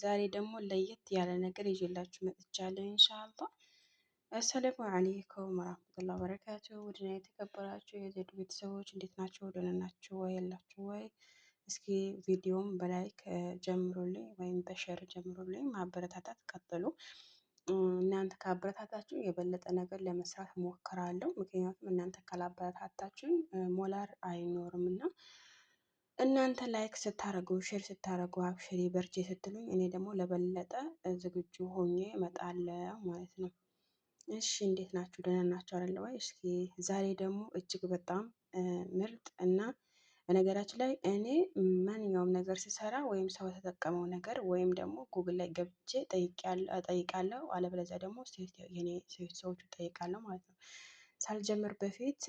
ዛሬ ደግሞ ለየት ያለ ነገር ይዤላችሁ መጥቻለሁ። ኢንሻአላ አሰላሙ አለይኩም ወራህመቱላሂ በረካቱ። ውድና የተከበራችሁ የዘድ ቤተሰቦች እንዴት ናቸው? ደህና ናችሁ ወይ? ያላችሁ ወይ? እስኪ ቪዲዮም በላይክ ጀምሩልኝ ወይም በሸር ጀምሩልኝ፣ ማበረታታት ቀጥሉ። እናንተ ካበረታታችሁ የበለጠ ነገር ለመስራት ሞክራለሁ። ምክንያቱም እናንተ ካላበረታታችሁኝ ሞላር አይኖርም እና እናንተ ላይክ ስታደርጉ ሼር ስታደርጉ አብሽሪ በርቼ ስትሉኝ እኔ ደግሞ ለበለጠ ዝግጁ ሆኜ እመጣለሁ ማለት ነው። እሺ እንዴት ናችሁ? ደህና ናችሁ አይደለ ወይ? እስኪ ዛሬ ደግሞ እጅግ በጣም ምርጥ እና በነገራችን ላይ እኔ ማንኛውም ነገር ስሰራ ወይም ሰው የተጠቀመው ነገር ወይም ደግሞ ጉግል ላይ ገብቼ ጠይቃለሁ፣ አለበለዚያ ደግሞ ሰዎች ጠይቃለሁ ማለት ነው። ሳልጀምር በፊት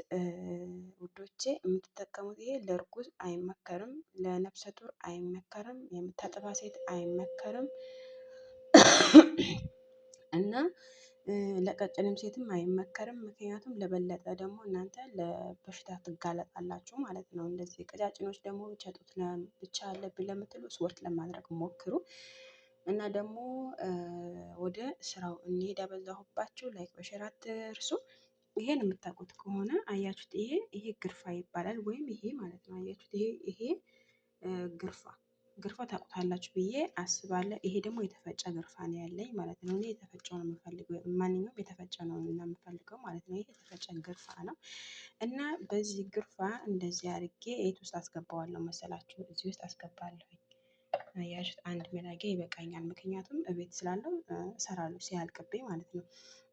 ውዶቼ የምትጠቀሙት ይሄ ለእርጉዝ አይመከርም፣ ለነፍሰ ጡር አይመከርም፣ የምታጠባ ሴት አይመከርም እና ለቀጭንም ሴትም አይመከርም። ምክንያቱም ለበለጠ ደግሞ እናንተ ለበሽታ ትጋለጣላችሁ ማለት ነው። እንደዚህ ቀጫጭኖች ደግሞ ብቻ ጡት ብቻ አለብኝ ለምትሉ ስፖርት ለማድረግ ሞክሩ እና ደግሞ ወደ ስራው እንሄዳ ያበዛሁባችሁ ላይክ በሸር አትርሱ። ይሄን የምታውቁት ከሆነ አያችሁት፣ ይሄ ይሄ ግርፋ ይባላል ወይም ይሄ ማለት ነው። አያችሁት፣ ይሄ ይሄ ግርፋ ግርፋ ታውቁታላችሁ ብዬ አስባለሁ። ይሄ ደግሞ የተፈጨ ግርፋ ነው ያለኝ ማለት ነው። እኔ የተፈጨው ነው የምፈልገው፣ ማንኛውም የተፈጨ ነው እና የምፈልገው ማለት ነው። ይሄ የተፈጨ ግርፋ ነው እና በዚህ ግርፋ እንደዚህ አድርጌ የት ውስጥ አስገባዋለሁ መሰላችሁ? እዚህ ውስጥ አስገባለሁ። ያሹት አንድ መላጊያ ይበቃኛል። ምክንያቱም እቤት ስላለው እሰራለሁ ሲያልቅብኝ ማለት ነው።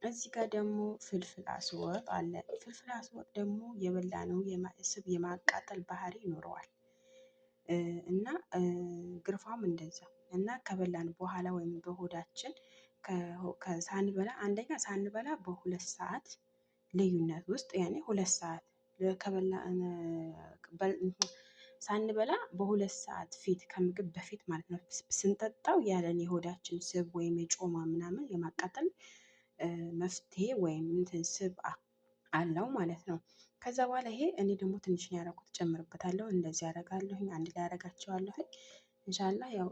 እዚህ ጋር ደግሞ ፍልፍል አስወጥ አለ። ፍልፍል አስወጥ ደግሞ የበላ ነው ስብ የማቃጠል ባህሪ ይኖረዋል እና ግርፋም እንደዛ እና ከበላን በኋላ ወይም በሆዳችን ሳንበላ አንደኛ ሳንበላ በሁለት ሰዓት ልዩነት ውስጥ ያኔ ሁለት ሰዓት ከበላ ሳንበላ በሁለት ሰዓት ፊት ከምግብ በፊት ማለት ነው ስንጠጣው ያለን የሆዳችን ስብ ወይም የጮማ ምናምን የማቃጠል መፍትሄ ወይም እንትን ስብ አለው ማለት ነው። ከዛ በኋላ ይሄ እኔ ደግሞ ትንሽ ነው ያደረኩት ጨምርበታለሁ። እንደዚህ ያደርጋለሁኝ አንድ ላይ ያደርጋቸዋለሁኝ። እንሻላ ያው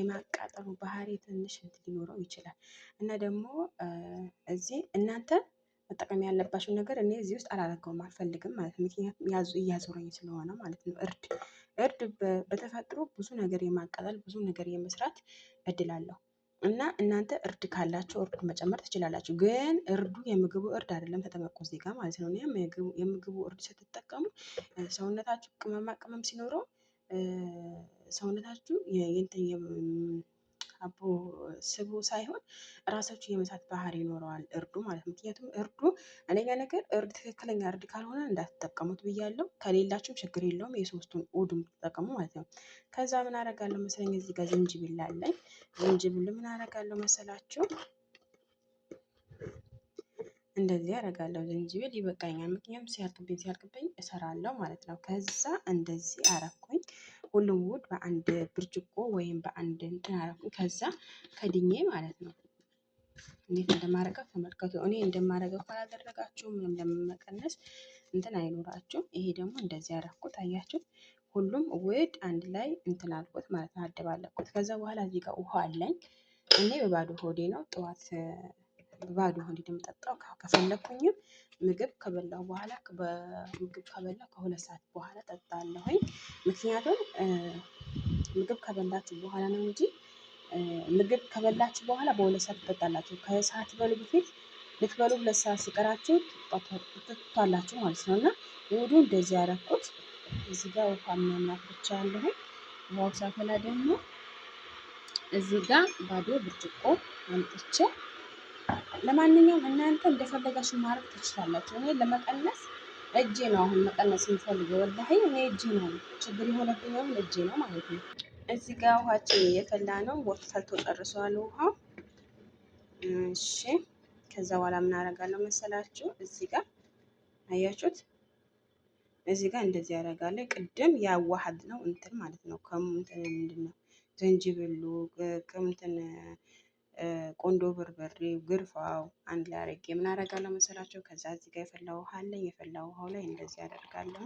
የማቃጠሉ ባህሪ ትንሽ እንትን ሊኖረው ይችላል እና ደግሞ እዚህ እናንተ መጠቀም ያለባቸው ነገር እኔ እዚህ ውስጥ አላደርገውም አልፈልግም ማለት ነው። ምክንያቱም እያዞረኝ ስለሆነ ማለት ነው። እርድ እርድ በተፈጥሮ ብዙ ነገር የማቃጠል ብዙ ነገር የመስራት እድል አለው። እና እናንተ እርድ ካላችሁ እርድ መጨመር ትችላላችሁ። ግን እርዱ የምግቡ እርድ አይደለም ተጠበቁ እዚህ ጋር ማለት ነው። የምግቡ እርድ ስትጠቀሙ ሰውነታችሁ ቅመማ ቅመም ሲኖረው ሰውነታችሁ አቦ ስቡ ሳይሆን ራሳቸው የመሳት ባህሪ ይኖረዋል እርዱ ማለት ነው። ምክንያቱም እርዱ አንደኛ ነገር እርድ ትክክለኛ እርድ ካልሆነ እንዳትጠቀሙት ብያለሁ። ከሌላችሁም ችግር የለውም የሶስቱን ኡድም ትጠቀሙ ማለት ነው። ከዛ ምን አረጋለሁ መሰለኝ እዚህ ጋር ዝንጅብል አለኝ። ዝንጅብል ምን አረጋለሁ መሰላችሁ እንደዚህ አረጋለሁ። ዝንጅብል ይበቃኛል፣ ምክንያቱም ሲያልቅብኝ ሲያልቅብኝ እሰራለሁ ማለት ነው። ከዛ እንደዚህ አረኩ። ሁሉም ውድ በአንድ ብርጭቆ ወይም በአንድ እንትን አደረኩኝ። ከዛ ከድኜ ማለት ነው። እንዴት እንደማረገው ተመልከቱ። እኔ እንደማረገው ካላደረጋችሁ ምንም ለመቀነስ እንትን አይኖራችሁም። ይሄ ደግሞ እንደዚህ ያረኩት አያችሁ። ሁሉም ውድ አንድ ላይ እንትን አልኩት ማለት ነው፣ አደባለኩት። ከዛ በኋላ እዚህ ጋር ውሃ አለኝ። እኔ በባዶ ሆዴ ነው ጠዋት ባዶ ሆዴን የምጠጣው። ከፈለኩኝም ምግብ ከበላሁ በኋላ ምግብ ከበላሁ ከሁለት ሰዓት በኋላ ጠጣለሁኝ። ምክንያቱም ምግብ ከበላችሁ በኋላ ነው እንጂ ምግብ ከበላችሁ በኋላ በሁለት ሰዓት ትጠጣላችሁ። ከሰዓት ከሳትበሉ በፊት ልትበሉ ሁለት ሰዓት ሲቀራችሁ ትጠጣላችሁ ማለት ነው። እና እሁዱ እንደዚህ ያደረኩት እዚህ ጋር ውሃ ምናምን አፍልቻለሁኝ። ውሃው ሳፈላ ደግሞ እዚህ ጋር ባዶ ብርጭቆ አምጥቼ ለማንኛውም እናንተ እንደፈለጋችሁ ማድረግ ትችላላችሁ። እኔ ለመቀነስ እጄ ነው አሁን መቀነስ የምፈልገው ወላሂ እኔ እጄ ነው ችግር የሆነብኝ እጄ ነው ማለት ነው። እዚህ ጋር ውሃችን እየፈላ ነው። ወቅት ፈልቶ ጨርሰዋል ውሃ። እሺ ከዛ በኋላ ምን አደርጋለሁ መሰላችሁ? እዚህ ጋር አያችሁት፣ እዚህ ጋር እንደዚህ ያደርጋለሁ። ቅድም ያዋሃድ ነው እንትን ማለት ነው ከምንትን ምንድን ነው ዝንጅብሉ ቅምትን ቆንዶ በርበሬ፣ ግርፋው አንድ ላይ አድርጌ ምን አደርጋለሁ መሰላቸው? ከዛ እዚህ ጋር የፈላ ውሃ አለኝ። የፈላ ውሃው ላይ እንደዚህ አደርጋለሁ።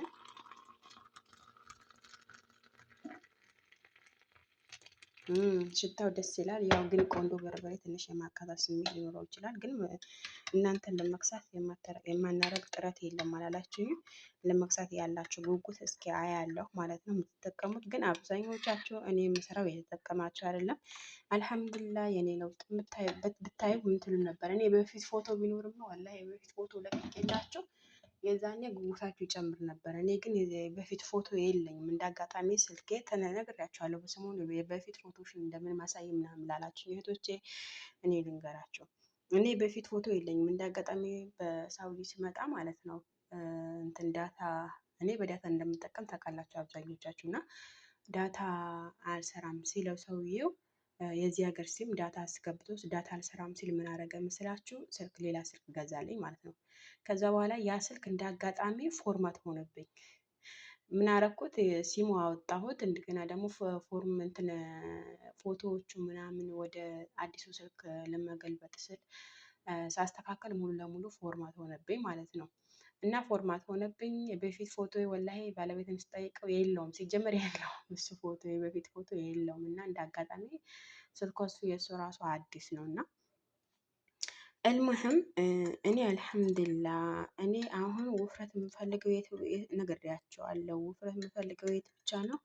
ሽታው ደስ ይላል። ያው ግን ቆንዶ በርበሬ ትንሽ የማቃጠል ስሜት ሊኖረው ይችላል ግን እናንተን ለመክሳት የማናረግ ጥረት የለም አላላችሁም? ለመክሳት ያላችሁ ጉጉት እስኪ አያለሁ ማለት ነው የምትጠቀሙት። ግን አብዛኞቻችሁ እኔ የምሰራው የተጠቀማችሁ አይደለም። አልሐምዱላ የኔ ለውጥ ብታዩ ምትሉ ነበር። እኔ በፊት ፎቶ ቢኖርም ነው ወላሂ የበፊት ፎቶ ለቅቄላችሁ የዛኔ ጉጉታችሁ ይጨምር ነበር። እኔ ግን በፊት ፎቶ የለኝም። እንደ አጋጣሚ ስልኬ ተነግሬያችኋለሁ በሰሞኑ በፊት ፎቶሽን እንደምን ማሳይ ምናምን ላላችሁ እህቶቼ እኔ ልንገራችሁ እኔ በፊት ፎቶ የለኝም እንደ አጋጣሚ በሳውዲ ስመጣ ማለት ነው እንትን ዳታ እኔ በዳታ እንደምጠቀም ታውቃላችሁ አብዛኞቻችሁ እና ዳታ አልሰራም ሲለው ሰውዬው የዚህ ሀገር ሲም ዳታ አስገብቶ ዳታ አልሰራም ሲል ምን አረገ ምስላችሁ ስልክ ሌላ ስልክ ገዛልኝ ማለት ነው ከዛ በኋላ ያ ስልክ እንደ አጋጣሚ ፎርማት ሆነብኝ ምን አረኩት ሲሙ አወጣሁት። እንደገና ደግሞ ፎርም እንትን ፎቶዎቹ ምናምን ወደ አዲሱ ስልክ ለመገልበጥ ስል ሳስተካከል ሙሉ ለሙሉ ፎርማት ሆነብኝ ማለት ነው። እና ፎርማት ሆነብኝ። በፊት ፎቶ ወላሂ ባለቤትን ስጠይቀው የለውም፣ ሲጀመር የለውም እሱ ፎቶ በፊት ፎቶ የለውም። እና እንደ አጋጣሚ ስልኮ እሱ የእሱ ራሱ አዲስ ነው እና እልምህም እኔ አልሐምድላ እኔ አሁን ውፍረት የምፈልገው የት ነግሬያቸዋለሁ። ውፍረት የምፈልገው የት ብቻ ነው።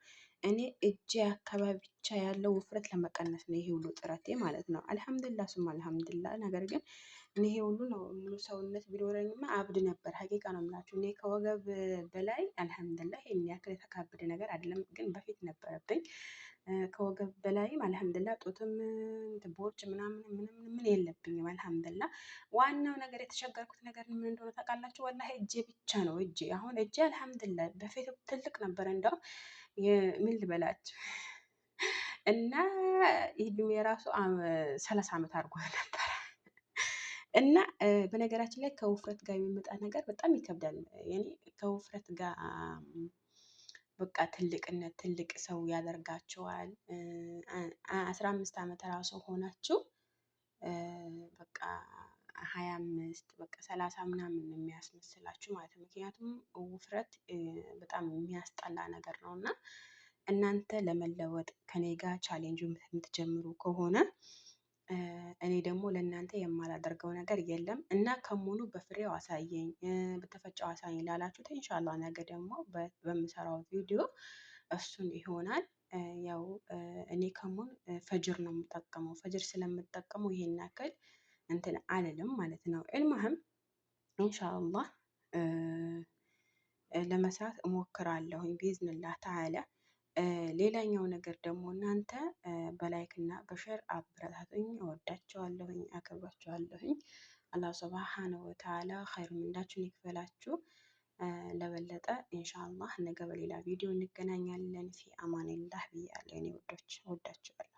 እኔ እጄ አካባቢ ብቻ ያለው ውፍረት ለመቀነስ ነው ይሄ ሁሉ ጥረቴ ማለት ነው። አልሐምድላ ሱም አልሐምድላ። ነገር ግን ይሄ ሁሉ ነው ሙሉ ሰውነት ቢኖረኝማ አብድ ነበር። ሀቂቃ ነው የምላችሁ። እኔ ከወገብ በላይ አልሐምድላ ይሄን ያክል የተካበደ ነገር አይደለም። ግን በፊት ነበር ከምመገብ በላይም አልሐምድላ ጡትም ቦርጭ ምናምን ምንም ምን የለብኝም። አልሐምድላ ዋናው ነገር የተቸገርኩት ነገር ምን እንደሆነ ታውቃላችሁ? ወላ እጄ ብቻ ነው እጄ። አሁን እጄ አልሐምድላ በፊት ትልቅ ነበር። እንደው ምን ልበላችሁ እና እድሜ የራሱ ሰላሳ ዓመት አድርጎ ነበር። እና በነገራችን ላይ ከውፍረት ጋር የሚመጣ ነገር በጣም ይከብዳል። ከውፍረት ጋር በቃ ትልቅነት ትልቅ ሰው ያደርጋቸዋል። አስራ አምስት ዓመት ራሱ ሆናችሁ በቃ ሀያ አምስት በቃ ሰላሳ ምናምን ነው የሚያስመስላችሁ ማለት ነው። ምክንያቱም ውፍረት በጣም የሚያስጠላ ነገር ነው እና እናንተ ለመለወጥ ከኔ ጋር ቻሌንጅ የምትጀምሩ ከሆነ እኔ ደግሞ ለእናንተ የማላደርገው ነገር የለም እና ከሙሉ በፍሬው አሳየኝ በተፈጨው አሳየኝ ላላችሁት ኢንሻላህ ነገ ደግሞ በምሰራው ቪዲዮ እሱን ይሆናል። ያው እኔ ከሙን ፈጅር ነው የምጠቀመው። ፈጅር ስለምጠቀመው ይሄን ያክል እንትን አልልም ማለት ነው። ዕልማህም ኢንሻአላህ ለመስራት እሞክራለሁኝ ቢዝንላህ ተዓላ ሌላኛው ነገር ደግሞ እናንተ በላይክ እና በሸር አበረታቱኝ። እወዳቸዋለሁኝ፣ አከብራቸዋለሁኝ። አላህ ስብሓን ወተዓላ ኸይር ምንዳችሁን ይክፈላችሁ። ለበለጠ ኢንሻአላህ ነገ በሌላ ቪዲዮ እንገናኛለን። ፊ አማኒላህ ብያለሁ። እኔ ወዶች እወዳችኋለሁ።